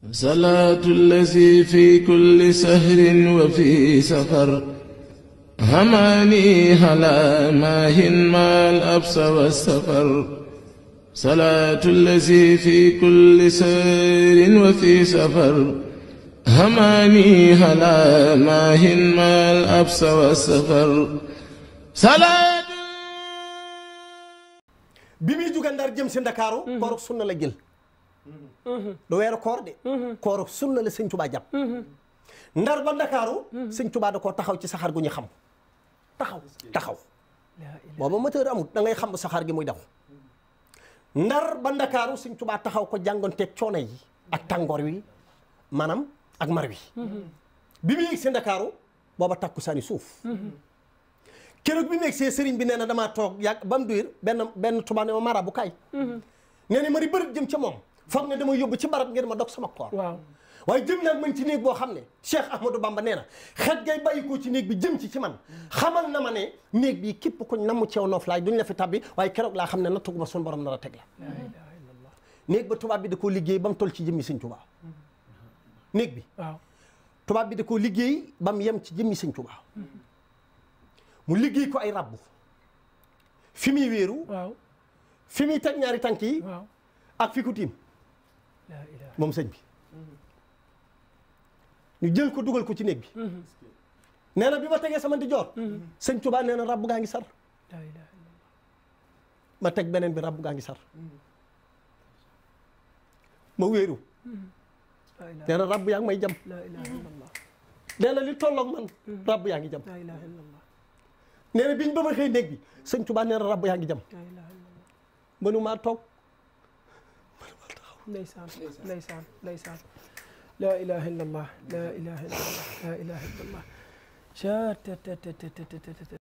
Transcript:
صلاة الذي في كل سهر وفي سفر هماني هلا ماهن ما الأبس والسفر صلاة الذي في كل سهر وفي سفر هماني هلا ماهن ما الأبس والسفر صلاة bi muy jóge Ndar jëm si Ndakaaru koorug sunna la jël du weeru koor de kooru sunna la sëñ tubaa jàpp ndar ba ndakaaru sëñ tubaa da koo taxaw ci saxaar gu ñu xam taxaw taxaw booba moteur amul da ngay xam saxaar gi muy daw ndar ba ndakaaru sëñ tubaa taxaw ko jàngonteeg coono yi ak tàngoor wi maanaam ak mar wi bi mu yëg si ndakaaru booba takku saani suuf keroog bi mu yëg see sëriñ bi nee na damaa toog yàgg ba mu benn benn tubaa ne ma mara bu kaay nee na mari bëri jëm ca moom foog na dama yóbbu ci barab ngeen ma dog sama koor waaw waaye jëm naag man ci néeg boo xam ne Cheikh Ahmadou Bamba nee na xet gay bàyyikoo ci néeg bi jëm ci ci man xamal na ma ne néeg bi képp kuñ namu ceew noof laay duñ la fi tabbi waaye keroog laa xam ne nattu gu ma suñu borom nar a la néeg ba tubaab bi da koo liggéey ba mu toll ci jëmmi sëñ Tuubaa bi waaw tubaab da koo liggéey ba yem ci jëmmi sëñ Tuubaa mu liggéey ko ay rabbu fi muy wéeru fi muy teg ñaari tànk yi ak fi ku tiim moom sëñ bi ñu jël ko dugal ko ci néeg bi nee na bi ma tegee sama ndijoor sëñ Tuubaa nee na rabbu gaa ngi sar ma teg beneen bi rabbu gaa ngi sar wéeru nee na rabb yaa ngi may jam nee na li tolloog man rabb yaa ngi jam nee na biñ ba ma xëy néeg bi sëñ Tuubaa nee na rabb yaa ngi jam mënumaa toog ndeysaan ndeysaan ndeysaan laa ilaha illa allah laa ilaha illa allah laa ilaha illa allah